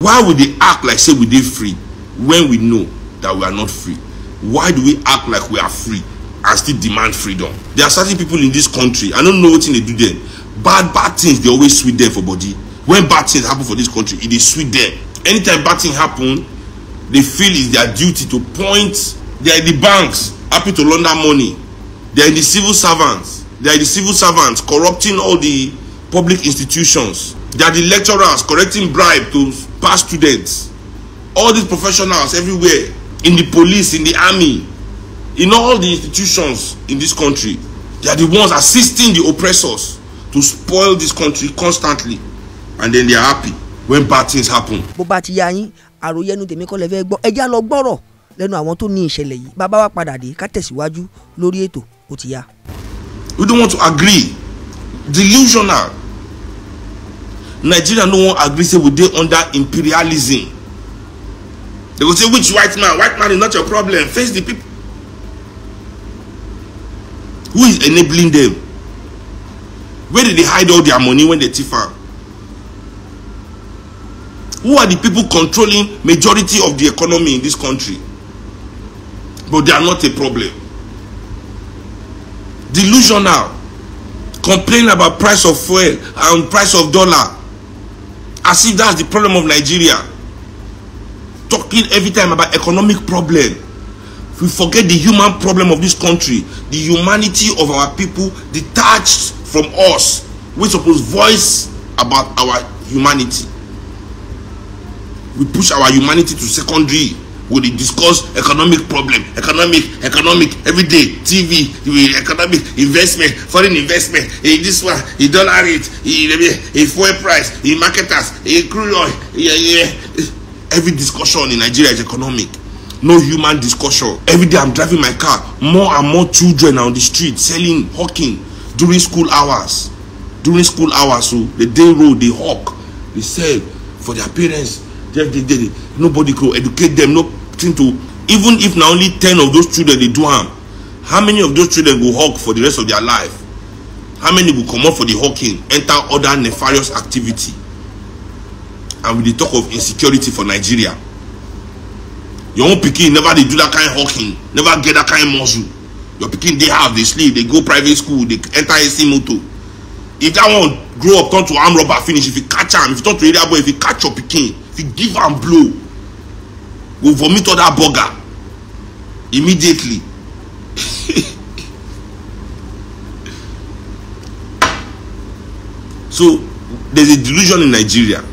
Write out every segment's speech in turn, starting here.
why we dey act like say we dey free when we know that we are not free why do we act like we are free and still demand freedom there are certain people in this country i no know wetin dey do them bad bad things dey always sweet them for body when bad things happen for this country e dey sweet them anytime bad thing happen they feel it's their duty to point they are the banks happy to launder money they are the civil servants they are the civil servants corrupting all the public institutions they are the lecturers correcting bribe to past students all these professionals everywhere in the police in the army in all the institutions in this country they are the ones assisting the oppressors to spoil this country constantly and then they are happy when bad things happen. bó bá ti ya yín àròyé ẹnu tèmi kọ́ lè gbọ́ ẹjá lọ gbọ́rọ̀ lẹ́nu àwọn tó ní ìṣẹ̀lẹ̀ yìí bàbá wa padà dé ká tẹ̀síwájú lórí ètò ó ti yá. we don't want to agree delusional nigeria no wan agree say we dey under imperialism they go say which white man white man is not your problem face the people who is enabling them where did they hide all their money when they thief am who are the people controlling majority of the economy in this country but they are not a problem delusional complain about price of fuel and price of dollar as if that's the problem of Nigeria. Talking every time about economic problem. We forget the human problem of this country, the humanity of our people detached from us. We suppose voice about our humanity. We push our humanity to secondary we dey discuss economic problem economic economic every day tv economic investment foreign investment e this one e dollar rate e e fuel price e marketers e crude oil e, e e every discussion in nigeria is economic no human discussion every day i'm driving my car more and more children on the street selling hawking during school hours during school hours o oh, the day road dey hawk dey sell for their parents just dey dey nobody go educate them no thing to even if na only ten of those children dey do am how many of those children go hawk for the rest of their life how many go comot for the hawking enter other nefarious activity and we dey talk of insecurity for nigeria your own pikin never dey do that kind hawking never get that kind muscle your pikin dey house dey sleep dey go private school dey enter ac motor if that one grow up turn to arm robber finish if you catch am if you turn to area boy if you catch your pikin if you give am blow go vomit other that burger immediately so there's a delusion in nigeria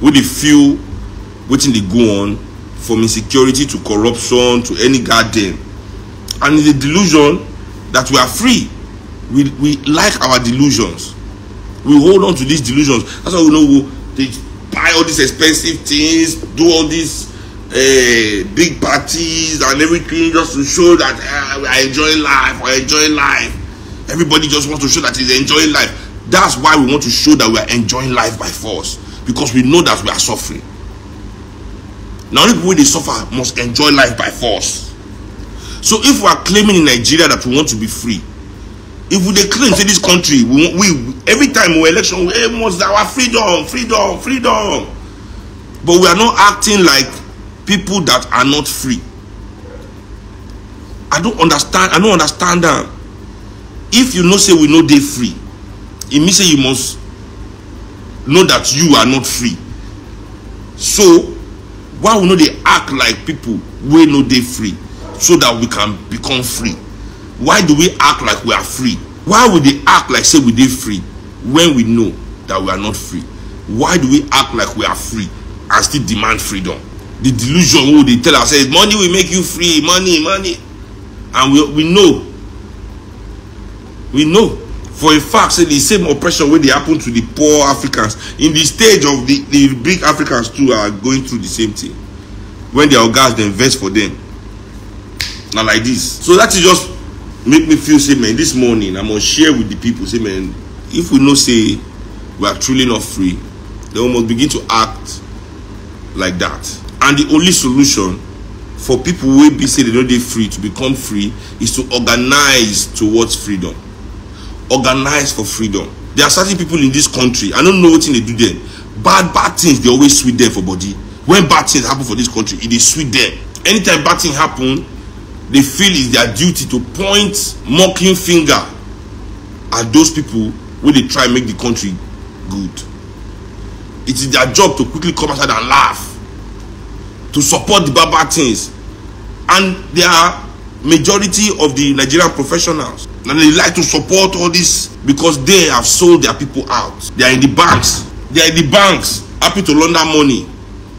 wey dey feel wetin dey go on from insecurity to corruption to any garden and it's a delusion that we are free we we like our delusions we hold on to these delusions that's why we know we dey buy all these expensive things do all these uh, big parties and everything just to show that uh, I enjoy life I enjoy life everybody just wants to show that he's enjoying life that's why we want to show that we are enjoying life by force because we know that we are suffering na only people wey dey suffer must enjoy life by force so if we are claiming in Nigeria that we want to be free if we dey claim say dis country we we every time we election we eh, must our freedom freedom freedom but we are not acting like people that are not free i don't understand i don't understand that. if you know say we no dey free it e means say you must know that you are not free so why we no they act like people we no dey free so that we can become free why do we act like we are free why we dey act like say we dey free when we know that we are not free why do we act like we are free and still demand freedom the delusion wey we dey tell ourselves money will make you free money money and we we know we know for a fact say the same oppression wey dey happen to the poor africans in the stage of the the big africans too are going through the same thing when their ogas dey vex for them na like this so that is just make me feel say man this morning i must share with the people say man if we know say we are truly not free then we must begin to act like that and the only solution for people wey be say they no dey free to become free is to organize towards freedom organize for freedom there are certain people in this country i no know wetin dey do them bad bad things dey always sweet them for body when bad things happen for this country e dey sweet them anytime bad thing happen they feel it's their duty to point mocking finger at those people wey dey try make the country good it is their job to quickly come outside and laugh to support the bad bad things and they are majority of the nigerian professionals na they like to support all this because they have sold their people out they are in the banks they are in the banks happy to launder money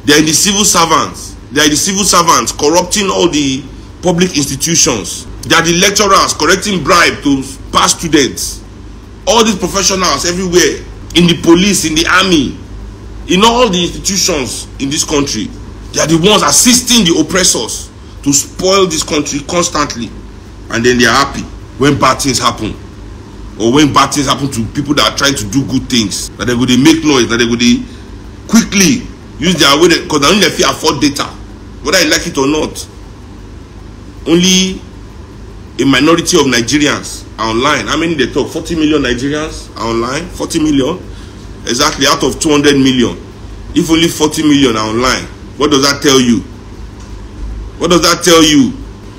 they are in the civil servants they are in the civil servants corrupting all the public institutions they are the lecturers collecting bribe to pass students all these professionals everywhere in the police in the army in all the institutions in this country they are the ones assisting the oppressors to spoil this country constantly and then they are happy when bad things happen or when bad things happen to people that are trying to do good things that they go dey make noise that they go dey quickly use their way because na only they fit afford data whether you like it or not only a minority of Nigerians are online. How many they talk? Forty million Nigerians are online. Forty million, exactly out of two hundred million. If only forty million are online, what does that tell you? What does that tell you?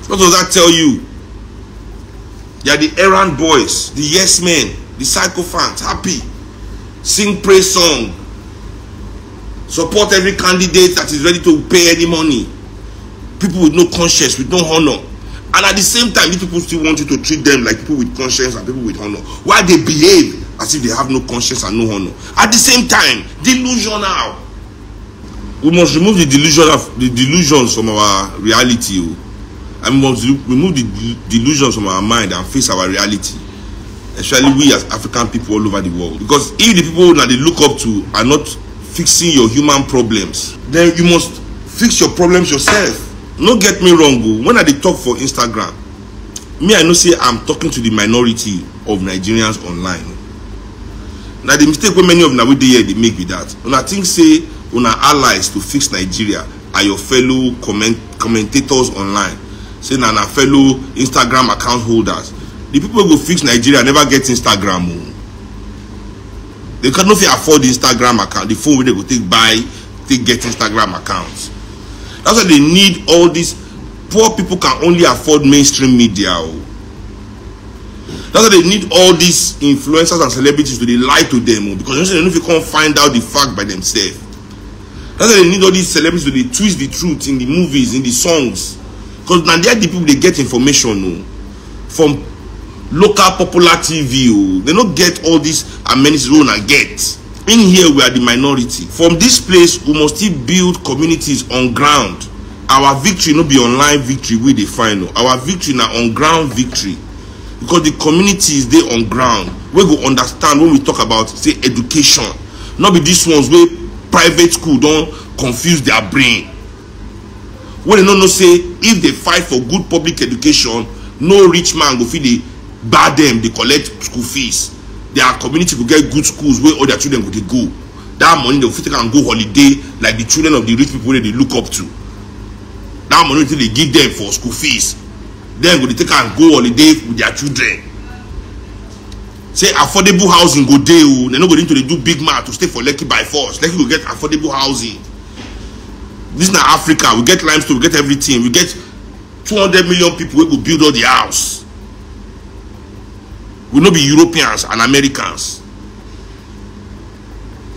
What does that tell you? They are the errand boys, the yes men, the sycophants, happy, sing praise song, support every candidate that is ready to pay any money people with no conscience with no honor, and at the same time these people still want you to treat them like people with conscience and people with honor. Why they behave as if they have no conscience and no honor? at the same time delusional we must remove the delusion of the delusions from our reality Oh, and we must remove the delusions from our mind and face our reality especially we as african people all over the world because if the people that they look up to are not fixing your human problems then you must fix your problems yourself no get me wrong o oh, when i dey talk for instagram me i know say i'm talking to the minority of nigerians online oh. na the mistake wey many of una wey dey here dey make be that una think say una allies to fix nigeria are your fellow comment commentators online say na na fellow instagram account holders the people wey go fix nigeria never get instagram o oh. they can no fit afford the instagram account the phone wey they go take buy take get instagram account that's why they need all these poor people can only afford mainstream media o oh. that's why they need all these influencers and celebrities to dey lie to them o oh, because you know say they no fit come find out the fact by themselves that's why they need all these celebrities to dey twist the truth in the movies in the songs because na there the people dey get information o oh, from local popular tv o they no get all these amenities wey una get in here we are the minority from this place we must still build communities on ground our victory no be online victory we dey find o our victory na on ground victory because the communities dey on ground wey go understand when we talk about say education no be these ones wey private school don confuse their brain wey dey no know say if dey fight for good public education no rich man go fit dey gba dem dey collect school fees their community go get good schools wey all their children go dey go that money dem fit take am go holiday like the children of the rich people wey dem dey look up to that money wey dem give dem for school fees dem go dey take am go holiday with their children say affordable housing go dey o dem no go need to dey do big mouth to stay for lekki by force lekki go get affordable housing this na africa we get limestone we get everything we get two hundred million people wey go build all the house will not be europeans and americans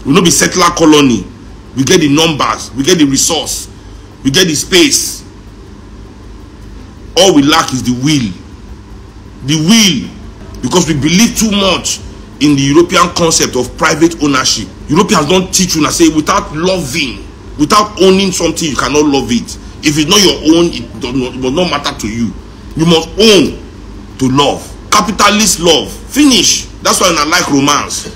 will not be settler colony we get the numbers we get the resource we get the space all we lack is the will the will because we believe too much in the european concept of private ownership europeans don teach una say without loving without owning something you cannot love it if it's not your own it, not, it must not matter to you you must own to love capitalist love finish that's why una like romance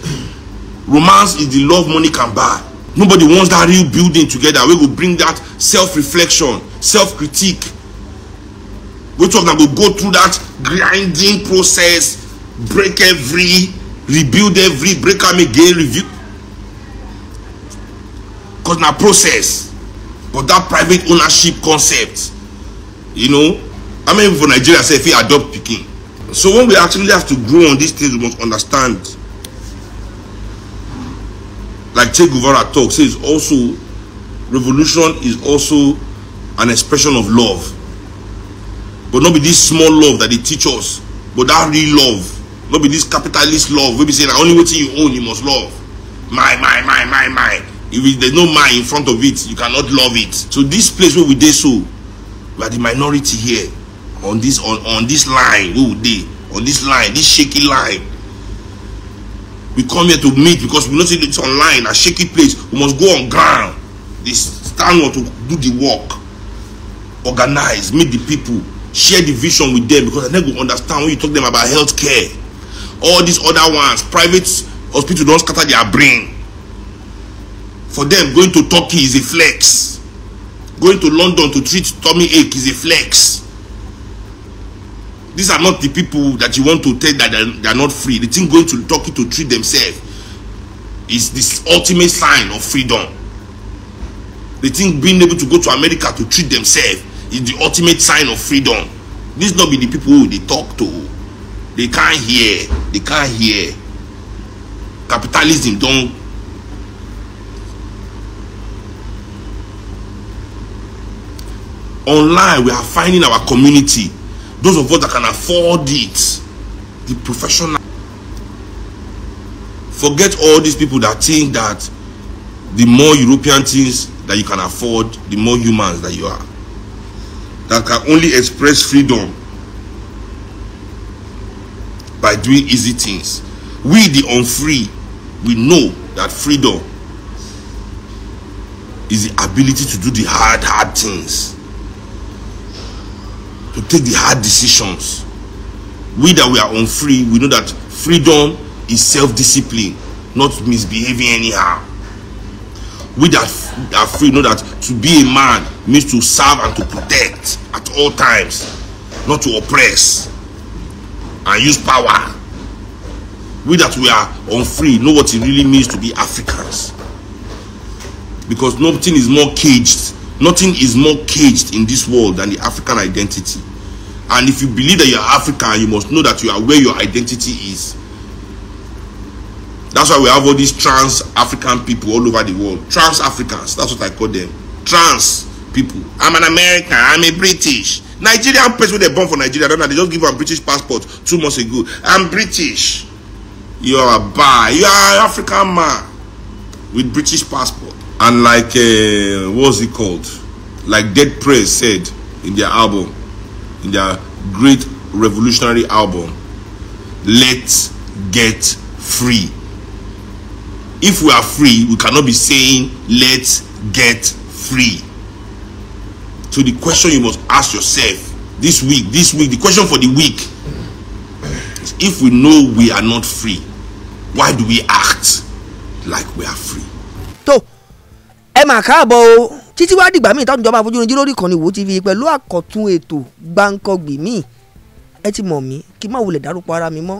romance is the love money can buy nobody wants that real building together wey go bring that self-reflection self-critique which of una go go through that grinding process break every rebuild every break am again review cause na process but that private ownership concept you know how many people for nigeria sef fit adopt pikin So when we actually have to grow on these things, we must understand. Like Che Guevara talks, says also revolution is also an expression of love. But not be this small love that they teach us, but that real love. Not be this capitalist love. We be saying the only way you own you must love. My, my, my, my, my. If there's no my in front of it, you cannot love it. So this place where we did so, we are the minority here. on this on on this line wey we dey on this line this shaky line we come here to meet because we know say it's online na shaky place we must go on ground dey stand up to do the work organize meet the people share the vision with them because i no go understand when you talk them about health care all these other ones private hospital don scatter their brain for them going to turkey is a flex going to london to treat tummy ache is a flex these are not the people that you want to tell that they are not free the thing going to turkey to treat themselves is this ultimate sign of freedom the thing being able to go to america to treat themselves is the ultimate sign of freedom this no be the people they talk to they can't hear they can't hear capitalism don online we are finding our community those of us that can afford it the professional forget all these people that think that the more european things that you can afford the more humans that you are that can only express freedom by doing easy things we the unfree we know that freedom is the ability to do the hard hard things to take the hard decisions we that we are on free we know that freedom is self-discipline not misbehaving anyhow we that are free know that to be a man means to serve and to protect at all times not to oppress and use power we that we are on free know what it really means to be africans because nothing is more caged Nothing is more caged in this world than the African identity. And if you believe that you're African, you must know that you are where your identity is. That's why we have all these trans African people all over the world. Trans Africans, that's what I call them. Trans people. I'm an American, I'm a British. Nigerian person they born for Nigeria, don't know, they just give a British passport two months ago. I'm British. You are a bi, you are an African man with British passport. and like uh, what's it called like dead praise said in their album in their great revolutionary album let's get free if we are free we cannot be saying let's get free so the question you must ask yourself this week this week the question for the week is if we know we are not free why do we act like we are free ẹ mà káàbọ̀ o títí wá dìgbà míì táwọn ìjọba àfojúrin jíròrò ìkànnì Wo TV pẹ̀lú àkọ́tún ètò gbáǹkọ́gbì míì ẹ ti mọ̀ mí kí n má wulẹ̀ dárúkọ ara mi mọ́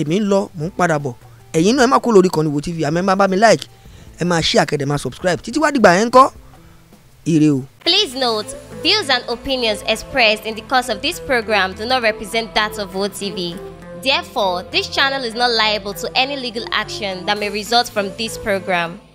èmi ń lọ mò ń padà bọ̀ ẹ̀yin náà ẹ má kó lórí ìkànnì Wo TV àmọ́ ẹ má bá mi like ẹ máa share kẹ́ dẹ̀ subscribe títí wá dìgbà yẹn ń kọ́ ire o. Please note, views and opinions expressed in the course of this program do not represent that of Otv. Therefore, this channel is not liable to any legal action that may result from this program.